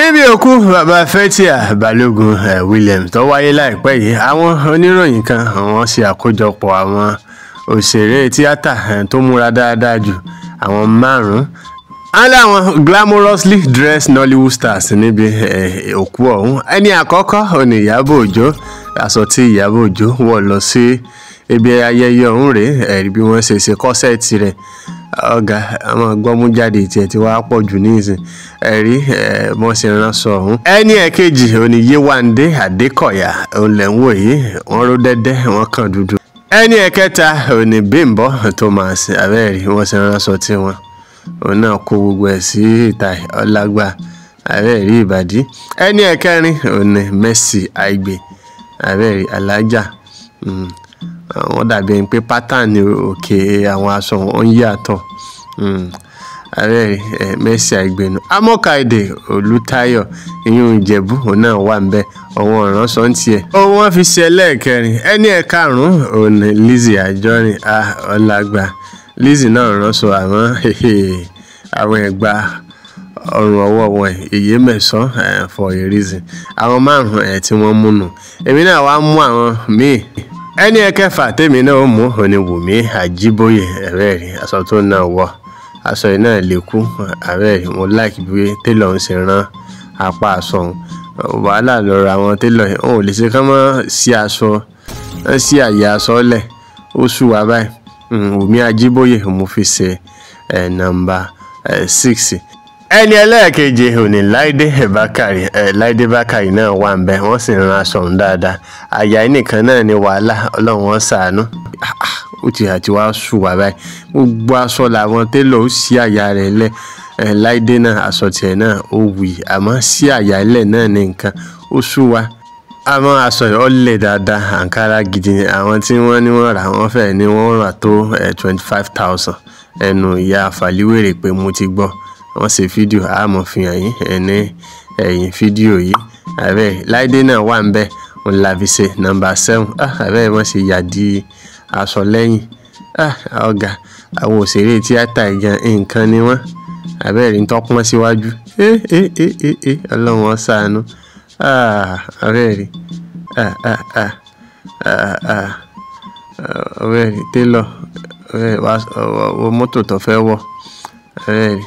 níbi òkú bàbá fẹtíà balógun williams tó wáyé láìpẹ́ yìí àwọn oníròyìn kan wọ́n ṣe àkójọpọ̀ àwọn òṣèré tíátà tó múra dáadáa jù àwọn márùn-ún alẹ́ àwọn glamorously dressed nollywood stars níbi òkú ọ̀hún ẹni àkọ́kọ́ òní ìyábọ̀ òjó aṣọ tí ìyábọ̀ òjó wọ̀ lọ sí ibi ayẹyẹ ọ̀hún rèé ẹ̀rí bí wọ́n ṣe ṣe kọ́sẹ̀ẹ̀tì rẹ̀ ọ̀gá àwọn gbọ́mújáde tiẹ̀ ti wá pọ̀ jù níìsín ẹ̀rí mọ́sẹ̀ránṣọ ọ̀hún. ẹni ẹ̀kejì òní Yéwándé Adékọ̀yà òun yìí wọ́n ró dẹ́dẹ́ wọ́n kàn dúdú. ẹni ẹ̀kẹta òní Bímbọ́ Thomas abẹ́rẹ́ mọ́sẹ̀ránṣọ tiwọn òun náà kó gbogbo ẹ̀ sí ìta ọlágbà abẹ́rẹ́ ìbàdí. ẹni ẹ̀kẹrin òní Mercy Aigbe abẹ́rẹ́ alájà. Hmm. wọ́n dàbí ẹni pé pátánì òkè àwọn aṣọ wọn ń yàtọ̀ hmm. ààrẹ ẹ Mercy Àìgbẹ̀nù amọ́kàìdè Olùtayọ̀ ìyún Ìjẹ̀bú òun náà wà ń bẹ ọ̀wọ́n ọ̀ràn sọ ń tiẹ̀. ohun wọn fi ṣe ẹlẹ́ẹ̀kẹrin ẹni ẹ̀ karùn-ún òun ni Lizzy Anjorin ọ̀làgbà Lizzy náà rán sọ àmọ́ àwọn ẹ̀gbà ọrùn ọwọ́ wọn èyí mẹ́sàn-án for a reason àwọn márùn-ún ẹ̀ tí wọ́n múnu èmi náà wàá mú àwọn míì ẹni ẹ̀kẹfà tèmi náà mú òní Wùmí Àjíbóyè ẹ̀rẹ́ rí aṣọ tó náà wọ̀ aṣọ yìí náà lè kú ààrẹ rí mo láìkí bí télọ̀ ń ṣe rán apá aṣọ wàhálà lọ́rọ̀ àwọn télọ̀ yìí òun ò lè ṣe kán mọ́ sí aṣọ ń sí àyè aṣọ lẹ̀ ó ṣù wá báyìí hmm, Wùmí Àjíbóyè mo fi ṣe ẹ̀ eh, eh, six ẹni ẹlẹ́ẹ̀keje òní láìdé bákàrè láìdé bákàrè náà wà ń bẹ wọ́n sì ń ran aṣọ òun dáadáa àyà nìkan náà ni wàhálà ọlọ́run wọn ṣàánú ah, ah, ó ti àti wá sùn wá báyìí gbogbo aṣọ làwọn télọ̀ ó sí àyà rẹ̀ lẹ̀ láìdé náà aṣọ tiẹ̀ náà ó wì àmọ́ sí àyà ilẹ̀ náà ní nǹkan ó sùn wá àmọ́ aṣọ yìí ọ̀lẹ̀ dáadáa àǹkárá gidi ni àwọn tí wọ́n ní wọ́n rà wọ́n fẹ́ẹ̀ ni wọ́n rà tó twenty five thousand ẹnu ìyá àfàlíwèrè pé mo ti gbọ́ wọ́n ṣe fídíò àmọ́ fi hàn yín ẹni ẹ̀yìn fídíò yìí àbẹ́ láìdé náà wà ń bẹ́ ń la nọmba seven ah, àbẹ́ wọ́n ṣe yàdí aṣọ lẹ́yìn ah, ọ̀gá àwọn òṣèré tíátà ìgan nǹkan ni wọ́n àbẹ́ rí tọ́pọ́n síwájú ọlọ́run ó ṣàánú ah, ọ̀rẹ́ rí ọ̀rẹ́ rí télọ̀ ọ̀rẹ́ wo mọ́tò tó fẹ́ wọ̀ ọ̀rẹ́ rí.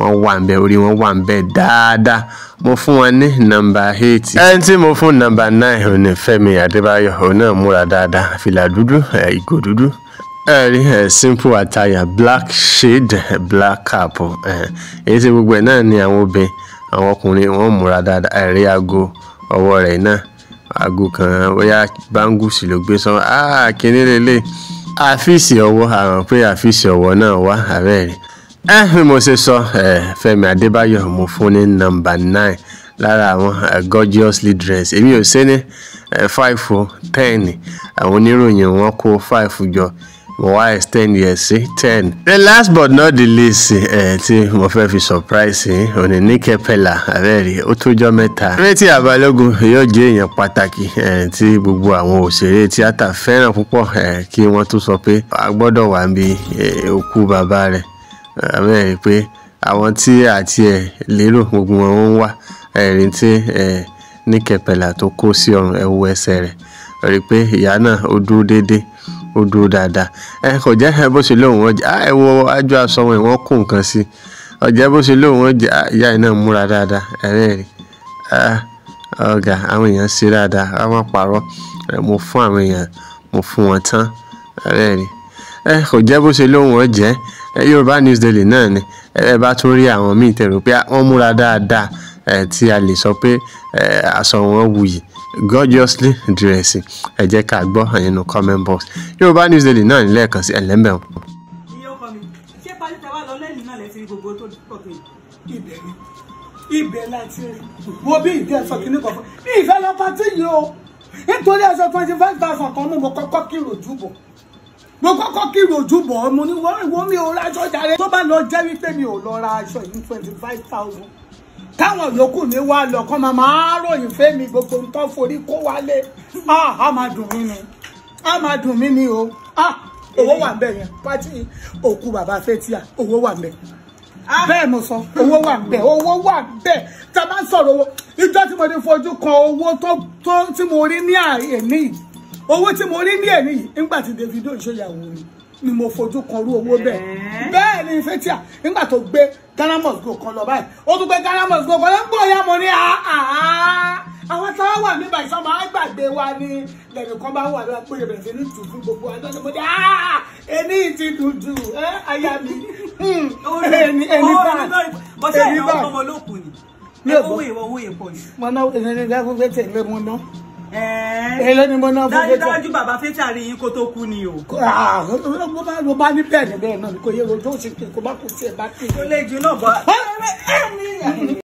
wọ́n wà ń bẹ̀ orí wọn wà ń bẹ̀ dáadáa mo fún wọn ní nọ́mbà eight ẹni tí mo fún nọ́mbà nine òun ní Fẹ́mi Adébáyọ̀ òun náà múra dáadáa fìlà dúdú ìgò dúdú ẹ̀rí ẹ̀ simple attire black shade black cap èyí tí gbogbo ẹ̀ náà ni àwọn obìnrin àwọn ọkùnrin wọ́n múra dáadáa ẹ̀rí aago ọwọ́ rẹ̀ náà aago kan bóyá báńgùsì ló gbé sọ ah kíní lélẹ̀ àfíìsì ọwọ́ àrùn pé àfíìsì ọwọ́ náà wá àbẹ́rẹ́ Eh, bí mo ṣe sọ eh, Fẹ́mi Adébáyọ̀ mo fún ní nọ́mbà nine lára àwọn eh, gorgeous leaders èmi ò ṣe ní five ten àwọn oníròyìn wọn kó five jọ why is ten years sí ten. the last but not the least ẹ tí mo fẹ́ fi surprise yín òní ní kẹpẹ́là àbẹ́rẹ́ ó tójọ́ mẹ́ta. retí abalógun yóò jẹ́ èèyàn pàtàkì tí gbogbo àwọn òṣèré tíátà fẹ́ràn púpọ̀ kí wọ́n tó sọ pé a gbọ́dọ̀ wà níbi òkú bàbá rẹ̀ àmẹ́rin pé àwọn tí àti ẹ̀ lérò gbogbo wọn ń wà ẹ̀rín tí ẹ̀ níkẹpẹ̀lá tó kó sí ọrùn ẹ̀ wo ẹsẹ̀ rẹ̀ rí i pé ìyá náà ó dúró déédéé ó dúró dáadáa ẹ kò jẹ́ ẹ bó ṣe lóun wọ́n jẹ́ ẹ wo ájọ aṣọ wọn ìwọ́n kó nǹkan sí ọ̀jẹ́ bó ṣe lóun wọ́n jẹ́ ìyá yìí náà múra dáadáa ẹ̀rín rí ọ̀gá àwọn èèyàn ṣe dáadáa àwọn pàrọ̀ mo fún àwọn èèyàn mo fún wọn tán ẹ̀rín rí ẹ kò jẹ́ bó ṣe lóun wọ́n jẹ́ yorùbá news daily náà ni ẹ bá tún rí àwọn míì tẹ̀rù pé ah, wọ́n múra dáadáa tí a lè sọ pé aṣọ wuyì gorgeously dressing ẹ jẹ́ ká gbọ́ nínú comment box yorùbá news daily náà ní lẹ́ẹ̀kan sí ẹ̀lẹ́mbẹ̀ wọn. iye láti rí wo bí ìdí ẹ̀sọ́ kìíní kan fún mi ìfẹ́ tí yìí o nítorí ẹ̀sọ́ twenty five thousand kan mú mo kọ́kọ́ kí ìròjú bọ̀ mo kọ́kọ́ kí rojúbọ̀ mo ní wọ́n ìwọ mi ò raṣọ jàre tó bá lọ jẹ́ wípé mi ò lọ ra aṣọ yìí twenty five thousand táwọn yòókù mi wá lọ kán máa máa ròyìn fẹ́ mi gbogbo nǹkan forí kó wálé Ah, máa dùn mí ni a máa dùn mí ni o owó wà bẹ́ẹ̀ yẹn pátì òkú bàbá fẹ́tíà owó wà bẹ́ẹ̀ bẹ́ẹ̀ mo sọ owó wà bẹ́ẹ̀ owó wà bẹ́ẹ̀ tá a bá ń sọ̀rọ̀ owó ìjọ tí mo ti fojú kan owó tó tí mo rí ní àyè níyì owó tí mo rí ní ẹ̀rí yìí nígbà tí Davido ìṣòyàwó mi ni mo fojú kan rú owó bẹ́ẹ̀ bẹ́ẹ̀ ni Fathia nígbà tó gbé Ghana Must Go kan lọ báyìí ó tún gbé Ghana Must Go kan lọ gbọ́ ya mo ní àwọn táwa wà níbà ìṣọ́ máa gbàgbé wa ni lẹ́nu kan bá wà lọ́wọ́ pé ìbẹ̀rẹ̀ sí ní tù fún gbogbo àjọ ni mo ní ẹni ti dùn jù aya mi ẹni ẹni báyìí bọ́sẹ̀ ìyàwó ọmọ olókùn ni ẹ owó ìwọ owó ìpọ̀ jù. mo náwó ìrìnrìn lágúngbẹ́ tẹ̀lé mo náà èló ni mo ná fún fẹ́tà dájúdájú bàbá fẹ́tà rí yín kó tó kú ni o. mo bá ní bẹ́ẹ̀ ni bẹ́ẹ̀ náà kò yẹ kó tó ṣe kó bá kó tiẹ̀ bá kú. kò lè jù náà bọ́.